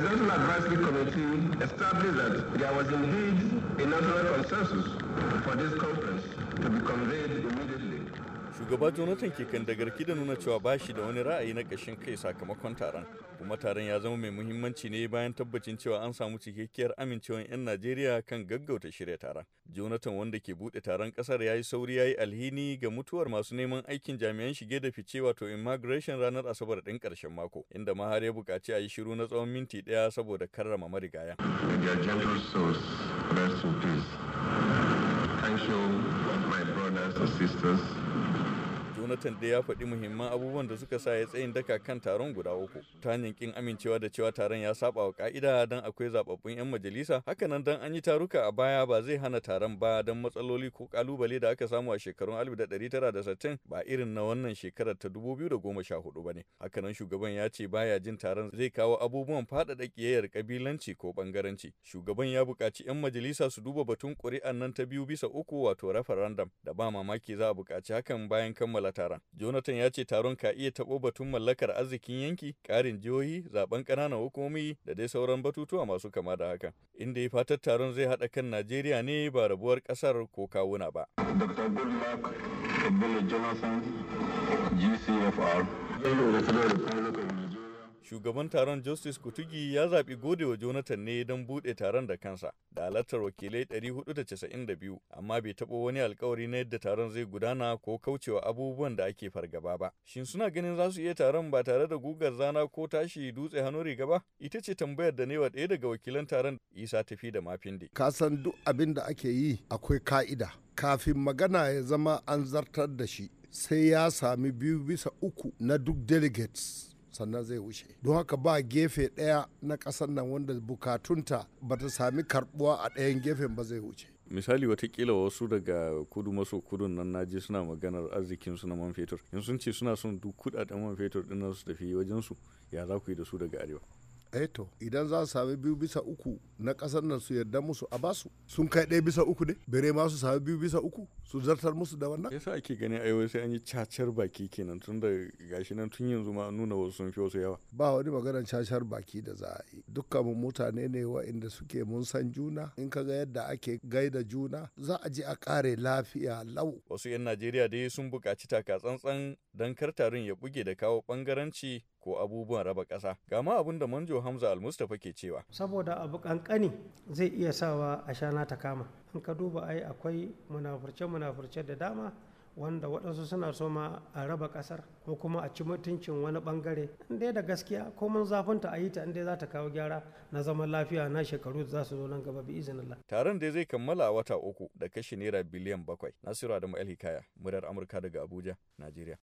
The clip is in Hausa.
National Advisory Committee established that there was indeed a national consensus for this shugaba jonathan ke kan dagarki da nuna cewa ba shi da wani ra'ayi na ƙashin kai sakamakon taron kuma taron ya zama mai muhimmanci ne bayan tabbacin cewa an samu cikakkiyar amincewar 'yan najeriya kan gaggauta shirya taron jonathan wanda ke buɗe taron kasar ya yi sauri ya yi alhini ga mutuwar masu neman aikin jami'an shige da fice wato immigration ranar asabar ɗin karshen mako inda ma har ya buƙaci a yi shiru na tsawon minti ɗaya saboda karrama marigaya. Thank my brothers and sisters. Jonathan da ya faɗi muhimman abubuwan da suka sa ya tsayin daka kan taron guda uku. Ta yankin amincewa da cewa taron ya saba wa ka'ida don akwai zababbun 'yan majalisa, hakanan don an yi taruka a baya ba zai hana taron ba don matsaloli ko kalubale da aka samu a shekarun 1960 ba irin na wannan shekarar ta 2014 ba ne. Hakanan shugaban ya ce baya jin taron zai kawo abubuwan faɗaɗa ƙiyayyar ƙabilanci ko ɓangaranci. Shugaban ya buƙaci 'yan majalisa su duba batun ƙuri'an nan ta biyu bisa uku wato referendum da ba mamaki za a buƙaci hakan bayan kammala taron. Jonathan ya ce taron ka iya taɓo batun mallakar arzikin yanki, ƙarin jihohi, zaben ƙananan hukumomi da dai sauran batutuwa masu kama da haka. Inda ya fatar taron zai haɗa kan Najeriya ne ba rabuwar ƙasar ko kawuna ba. Dr. Goodluck Jonathan, GCFR. Shugaban taron Justice Kutugi ya zaɓi wa Jonathan ne don buɗe taron da kansa, da halartar wakilai 492, amma bai taɓa wani alkawari na yadda taron zai gudana ko kaucewa abubuwan da ake fargaba ba. Shin suna ganin za su iya taron ba tare da gugar zana ko tashi dutse hannu riga ba? Ita ce tambayar da newa ɗaya daga wakilan taron Isa tafi da mafindi. Ka san duk abin da ake yi akwai ka'ida. Kafin magana ya zama an zartar da shi sai ya sami biyu bisa uku na duk delegates sannan zai wuce don haka ba gefe ɗaya na ƙasar nan wanda bukatunta ba ta sami karɓuwa a ɗayan gefen ba zai wuce misali watakila wasu daga kudu maso kudun nan naji suna maganar arzikin su na man fetur in sun ce suna son duk kudaden man fetur din su tafi wajen ya za ku yi da su daga arewa eto eh idan za su sami biyu bisa uku na ƙasar nan su yarda musu a basu sun kai ɗaya bisa uku ne bere ma su sami biyu bisa uku su zartar musu da wannan yasa ake ganin aiwai sai an yi cacar baki kenan tun da gashi nan tun yanzu ma nuna wasu sun fi wasu yawa ba wani maganar cacar baki da za a yi dukkan mutane ne wa'inda suke mun san juna in ka ga yadda ake gaida juna za a je a kare lafiya lau wasu 'yan najeriya dai sun buƙaci taka tsantsan don kar taron ya buge da kawo ɓangaranci ko abubuwan raba ƙasa ga ma abin da manjo hamza almustafa ke cewa saboda abu kankani zai iya sawa a shana ta kama in ka duba ai akwai munafurce munafurce da dama wanda waɗansu suna so ma a raba ƙasar ko kuma a ci mutuncin wani ɓangare in dai da gaskiya ko mun zafinta a yi ta in dai za ta kawo gyara na zaman lafiya na shekaru da za su zo nan gaba bi izinillah. taron da zai kammala a wata uku da kashi naira biliyan bakwai nasiru adamu alhikaya murar amurka daga abuja najeriya.